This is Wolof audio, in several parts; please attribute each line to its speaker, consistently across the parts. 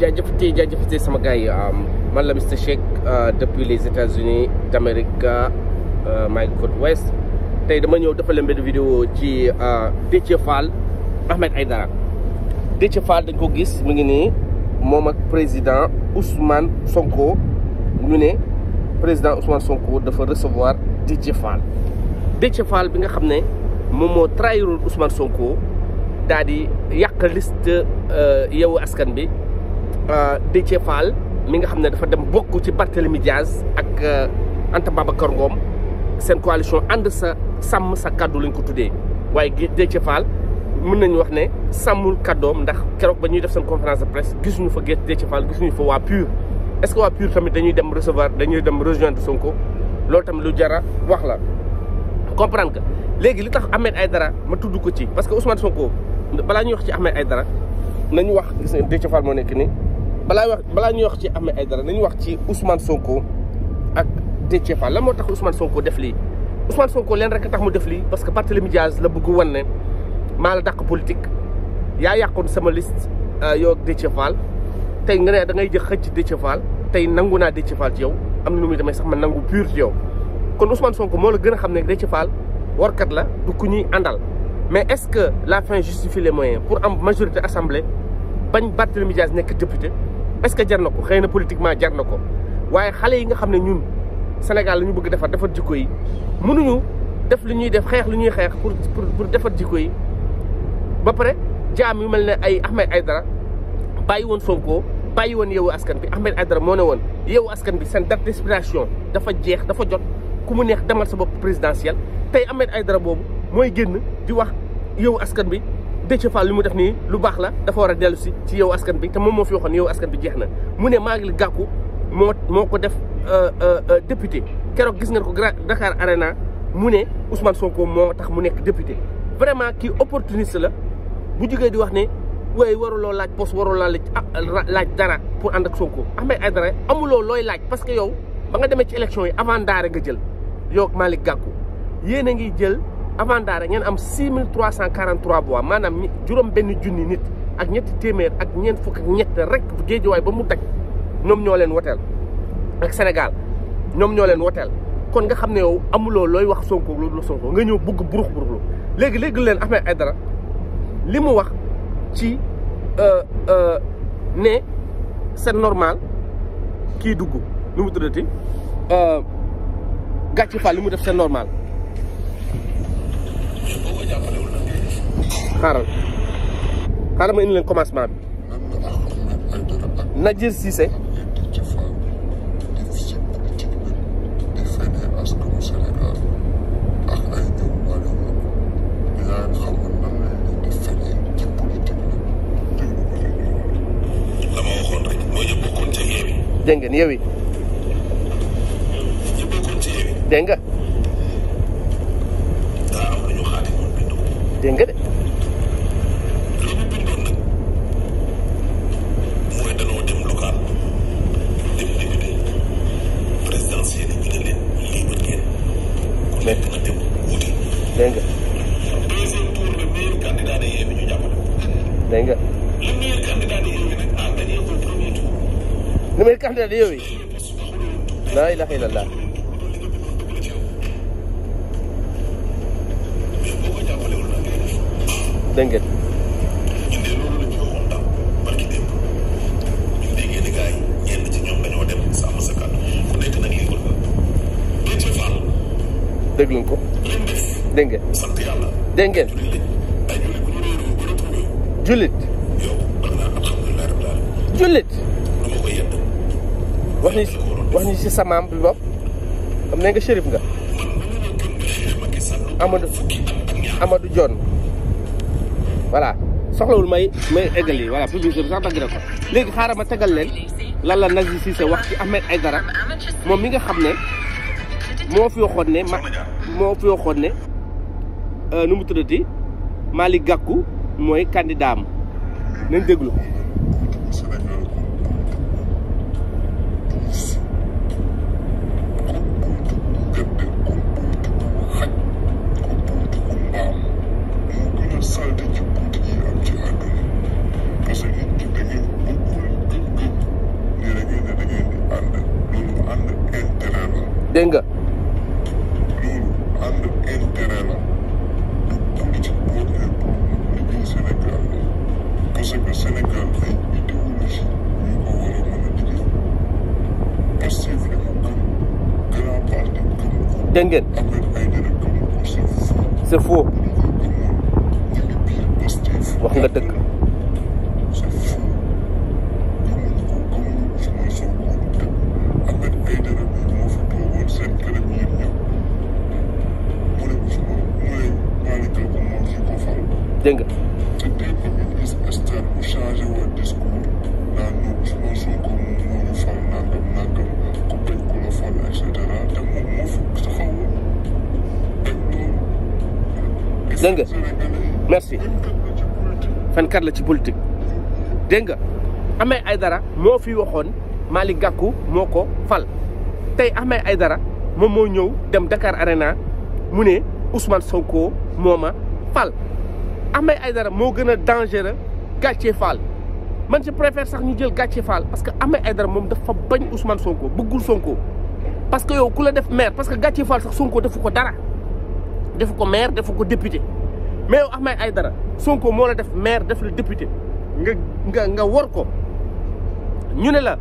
Speaker 1: جاء جاء sama سمكاي مالم استشيك depuis les États-Unis d'Amérique Mike Côte west tey dama ñëw dafa leen benn ci Déthié Fall uh, Ahmed Aïdara Déthié Fall dañ ko gis mu ngi nii moom ak président Ousmane Sonko ñu ne président Ousmane Sonko dafa recevoir Déthié Fall Fall bi nga Ousmane Sonko di askan bi Euh, Déthié Fall mi nga xam ne dafa dem bokk ci Barthélemy Diaz ak euh, Anta Babacar Ngom seen coalition ànd sa sàmm sa kàddu lañ ko tuddee waaye Déthié Fall mun nañu wax ne sàmmul kàddoom ndax keroog ba ñuy def seen conférence de presse gisuñu fa gerte Déthié Fall gisuñu fa waa PUR est-ce waa PUR tamit dañuy dem recevoir dañuy dem rejoindre Sonko loolu tamit lu jara wax la comprendre nga léegi li tax ay dara ma tudd ko ci parce que Ousmane Sonko balaa ñuy wax ci Ahmed Aïdara nañu wax gis nga Déthié moo nekk nii balaa wax balaa ñuy wax ci Ahmed Aïdara nañu wax ci Ousmane Sonko ak Déthié Fall lan moo Ousmane Sonko def li Ousmane Sonko len rek tax mu def li parce que Barthélémy Diaz la bëgg wan ne maa politique ya yàqoon sama liste euh, yow ak Déthié Fall tey nga ne da ngay jëx xëc Déthié Fall tey nangu naa Fall ci yow am na nu muy demee sax man nangu pur ci yow kon Ousmane Sonko mo la gëna a xam ne Déthié Fall warkat la du ku ñuy àndal mais est-ce que la fin justifie les moyens pour am majorité assemblée bañ Barthélémy Diaz nek député est que jar na ko xëy na politiquement jar na ko waaye xale yi nga xam ne ñun Sénégal la bëgg defar defar jikko yi mënuñu def lu ñuy def xeex lu ñuy xeex pour pour defar jikko yi ba pare jaam yu mel ne ay Ahmed Aydara bàyyi woon Sonko bàyyi woon yow askan bi Ahmed Aydara moo ne woon yow askan bi seen date d'inspiration dafa jeex dafa jot ku mu neex demal sa bopp présidentielle tey Ahmed Aydara boobu mooy génn di wax yow askan bi Déthié Fall li mu def nii lu baax la dafa war a dellu ci yow askan bi te moom moo fi waxoon yow askan bi jeex na mu ne Malick Gakou moo moo ko def euh, euh, euh, député keroog gis ngeen ko Dakar Arena mu ne Ousmane Sonko moo tax mu nekk député vraiment ki opportuniste la bu jugee di wax ne waaye waruloo laaj poste waruloo laaj ah, laaj dara pour ànd ak Sonko Ahmed Aïdara amuloo looy laaj parce que yow ba nga demee ci élection yi avant daara nga jël yow ak Malick Gakou yéen ngi jël. avant daara ngeen am 6343 voix maanaam juróom benn junni nit ak ñetti téeméer ak ñeent fukk ak ñett rek géejuwaay ba mu daj ñoom ñoo leen woteel ak Sénégal ñoom ñoo leen woteel kon nga xam ne yow amuloo looy wax Sonko loolu Sonko nga ñëw bugg burux burux léegi léegi leen Ahmed Aïdara li mu wax ci euh, euh, ne c'est normal kii dugg lu mu tuddati gàcci euh, fa li mu def c'est normal xaaral xaaral ma indi leen commencement bi Nadir Cissé dégg ngeen dégg nga de. dégg nga. deuxième tour le meilleur candidat de Yewwi ñu jàppale ko. dégg nga. le meilleur candidat de Yewwi nag ah dañuy premier tour. le candidat de Yewwi. laa ilaha illallah. dégg ngeen ko dégg ngeen dégg ngeen jullit jullit wax ni wax ni si samaam bi bopp xam ne nga shérif nga Amadou Amadou John voilà soxlawul may may eggal yi voilà publicité bi sax dagg na léegi xaaral ma tegal leen lan la si Cissé wax ci Ahmed Aïdara moom mi nga xam ne moo fi waxoon ne ma moo fi waxoon ne euh, nu mu tuddati Malick Gakou mooy candidat am nañ déglu دنجن سفو وخنا دك دنجن dégg nga merci fenkat la ci politique dégg nga Ahmed Aïdara moo fi waxoon Malick gàkku moo ko fal tey amee ay dara moom moo ñëw dem Dakar Arena mu ne Ousmane Sonko moo ma fal Ahmed Aïdara moo gën a dangereux Gàcce fal man je préfère sax ñu jël Gàcce Fall parce que Ahmed Aïdara moom dafa bañ Ousmane Sonko bëggul Sonko parce que yow ku la def maire parce que Gàcce Fall sax sonkoo defu ko dara defu ko maire defu ko député mais yow Ahmed Aïdara Sonko mo la def maire def le député nga nga nga wor ko ñu né la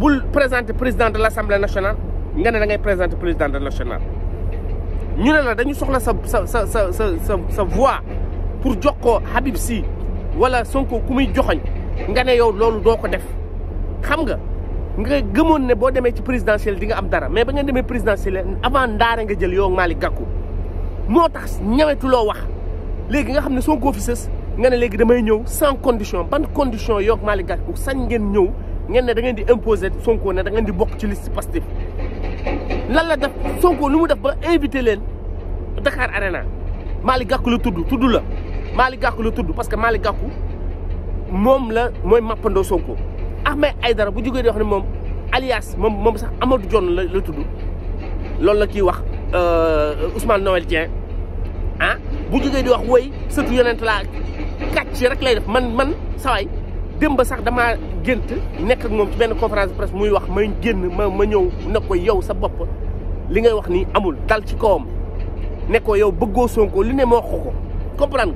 Speaker 1: bu présenter président de l'assemblée nationale nga né da ngay présenter président de national ñu né la dañu soxla sa sa sa sa sa sa voix pour jox ko Habib Sy wala Sonko ku muy nga né yow lolu doko def xam nga nga gëmoon ne bo démé ci présidentiel di nga am dara mais ba nga démé présidentiel avant ndaare nga jël yow Malick Gakou motax ñewetu lo wax léegi nga xam son Sonko nga ne léegi damay ñew sans condition ban condition yoog Malick Gakou sañ ngeen ñew ngeen ne da ngeen di imposer Sonko ne da ngeen di bok ci liste pastif lan la def Sonko lu mu def ba inviter len Dakar Arena Malick Gakou la tuddu tuddu la Malick Gakou la tuddu parce que Malick Gakou mom la mooy mappandoo Sonko Ahmed aidara bu jógee di wax mom alias mom mom sax Amadou jonne la tuddu tudd la ki wax Euh, Ousmane Noël Dieng ah bu jógee di wax woy sëtu yonent laa kàcc rek lay def man man sawaay démb sax damaa gént nekk moom ci benn conférence de presse muy wax ma génn ma ma ñëw ne ko yow sa bopp li ngay wax nii amul dal ci kawam nekkoo ko yow bëggoo sonkoo li ne ma wax ko comprendre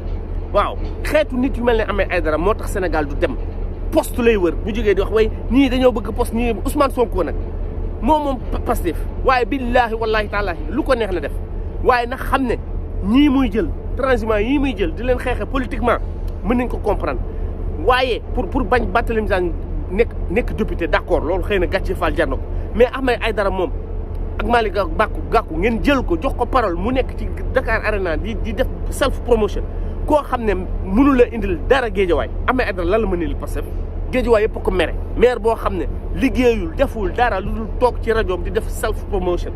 Speaker 1: nga waaw xeetu nit yu mel ne amee ay dara moo tax Sénégal du dem poste lay wër bu jógee di wax way ñii dañoo bëgg poste ñii usman Sonko nag moo moom Pastef waaye billaahi wallaahi taalaahi lu ko neex na def waaye nag xam ne ñii muy jël transhumance yii muy jël di leen xeexe politiquement mën nañ ko comprendre waaye pour pour bañ Barthélémy Dias nekk nekk député d'accord loolu xëy na gàcce faal jar mais ko mais Ahmed Aïdara moom ak Malick Gakou Gakou ngeen jël ko jox ko parole mu nekk ci Dakar Arena di di def self promotion koo xam ne mënu la indil dara géejawaay Ahmed Aïdara lan la mën a indil Pastef géejawaay yëpp ko mere maire boo xam ne liggéeyul deful dara loolu tok ci radio di def self promotion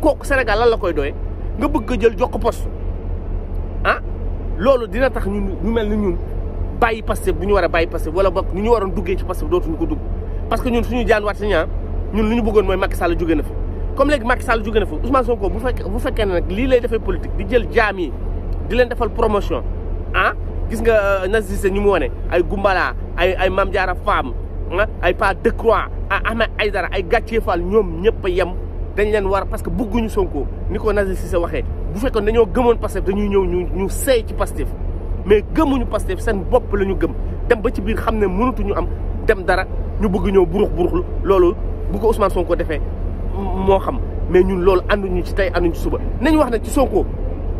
Speaker 1: kok Sénégal lan la koy doyee nga bëgg a jël jox ko poste ah loolu dina tax ñun ñu mel ñun bàyyi Pastef bu ñu wara a bàyyi wala bok ñu waron duggé ci ci dootu ñu ko dugg parce que ñun suñu jaan wat si ah, ñun lu ñu bëggoon mooy Macky Sall jóge na fi comme léegi Macky Sall jóge na fi Ousmane Sonko bu fekkee bu fekkee ne nag lii lay defee politique di jël jaam yi di leen defal promotion ah gis nga euh, nas ñu mu wane ay Gumbala ay ay mam Diarra femme ay pas de croix Ahmed Aïdara ay gàccee faal ñoom ñëpp yem dañ leen war parce que bëgguñu Sonko ni ko si Cissé waxee bu fekkoon dañoo gëmoon Pastef dañuy ñëw ñu ñu seey ci Pastef mais gëmuñu Pastef seen bopp la ñu gëm dem ba ci biir xam ne ñu am dem dara ñu bëgg ñëw burux buruxlu loolu bu ko Ousmane Sonko defee moo xam mais ñun loolu ànduñu ci tey ànduñu ci suba nañ wax ne ci Sonko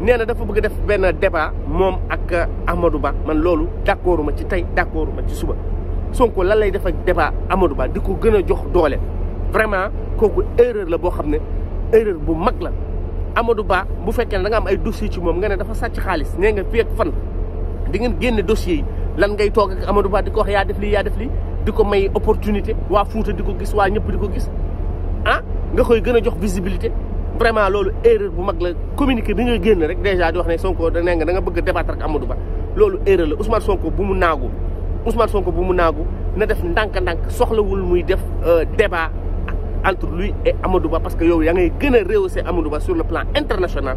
Speaker 1: nee na dafa bëgg def benn débat moom ak Amadou Ba man loolu d' ci tey d' accord ci suba Sonko lan lay def ak débat di ko gën a jox doole vraiment kooku erreur la boo xam ne erreur bu mag la Amadou Ba bu fekkee na da nga am ay dossiers ci moom nga ne dafa sàcc xaalis nee nga fii fan di ngeen génne dossiers yi lan ngay toog ak Amadou di ko wax yaa def lii yaa def lii di ko may opportunité waa Fuuta di ko gis waa ñëpp di ko gis ah nga koy gën a jox visibilité vraiment loolu erreur bu mag la communiqué bi nga génn rek déjà di wax ne Sonko da nee nga da nga bëgg a débattre ak Ba loolu erreur la Ousmane Sonko bu mu naagu Ousmane Sonko bu mu nagu na def ndank ndànk soxlawul muy def euh, débat entre lui et Amadou Ba parce que yow ya ngay gëna a rehausser Amadou Ba sur le plan international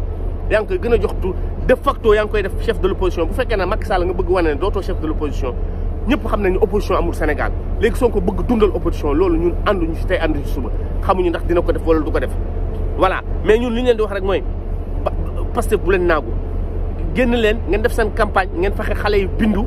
Speaker 1: yang ngi koy gën jox tur de facto yang ngi koy def chef de l'opposition bu fekké na Macky Sall nga bëgg wané doto chef de l'opposition opposition ñëpp xam nañu opposition amul Sénégal légui Sonko bëgg dundal opposition lolu ñun ñu ci tay andu ci suba xamuñu ndax dina ko def wala du ko def voilà mais ñun li ñu leen di wax rek mooy Pastef bu leen nagu génn leen ngeen def seen campagne ngeen fexe xalé yi bindu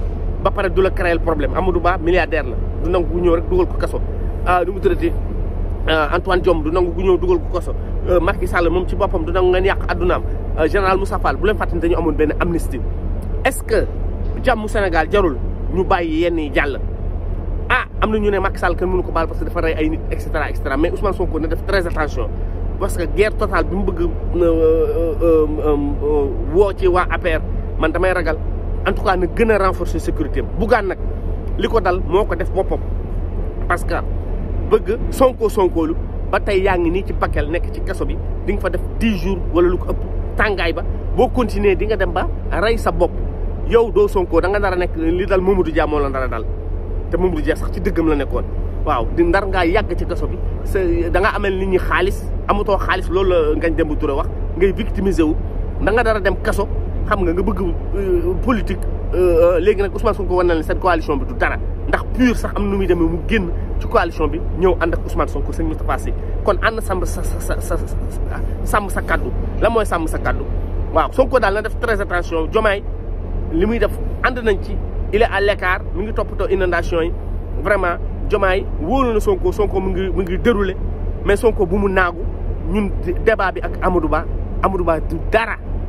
Speaker 1: ba pare du la créer problème Amadou Ba milliardaire la du nangu ku ñëw rek dugal ko kaso ah du mu tëddati ah, Antoine Diome du nangu ku ñëw dugal ko kaso euh, Macky Sall moom ci boppam du nangu ngeen yàq addunaam euh, général Moussa Fall bu leen fàttali dañu amoon benn amnistie est-ce que jàmmu Sénégal jarul ñu bàyyi yenn yi jàll. ah am na ñu ne Macky Sall kenn ko baal parce que dafa rey ay nit et cetera et cetera mais Ousmane Sonko ne def très attention parce que guerre totale bi mu bëgg euh, woo ci waa APR man damay ragal. en tout cas na gën a renforcer sécurité Bougane nag li ko dal moo ko def boppam parce que bëgg sonko sonkoolu ba tey yaa ngi nii ci Bakel nekk ci kaso bi di nga fa def dix jours wala lu ko ëpp tàngaay ba boo continuer di nga dem ba rey sa bopp yow doo sonkoo da nga nar a nekk li dal Mamadou Dia moo la nar a dal te Mamadou Dia sax ci dëggam la nekkoon waaw di ndar ngaa yàgg ci kaso bi sa danga nga li nit xaalis amatoo xaalis loolu la ngañ dem bu Touré wax ngay victimiser wu da nga dara dem kaso xam nga nga bëgg euh, politique euh, euh, léegi nag Ousmane Sonko war na leen seen coalition bi du dara ndax pur sax am nu muy deme mu génn ci coalition bi ñëw ànd ak Ousmane Sonko sëñ Moustapha Sy kon ànd sàmm sa sa sa sàmm sa kaddu la mooy sàmm sa kaddu waaw Sonko daal na def très attention jomaay li muy def ànd nañ ci il à l'écart mu ngi toppatoo inondation yi vraiment jomaay wóolu na Sonko Sonko mu ngi mu ngi déroulé mais Sonko bu mu naagu ñun débat bi ak Amadou Ba Amadou Ba du dara.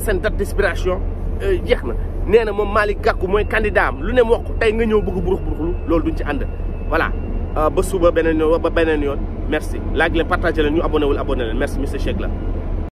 Speaker 1: seen date d'expiration euh, jeex na nee na moom Malick Gakou candidat am lu ne wax ko tey nga ñew bëgg burux buruxlu lool duñ ci and voilà euh, ba suba benen yoon ba benen yoon merci laaj leen partager leen ñu abonné wul abonné leen merci monsieur Cheikh la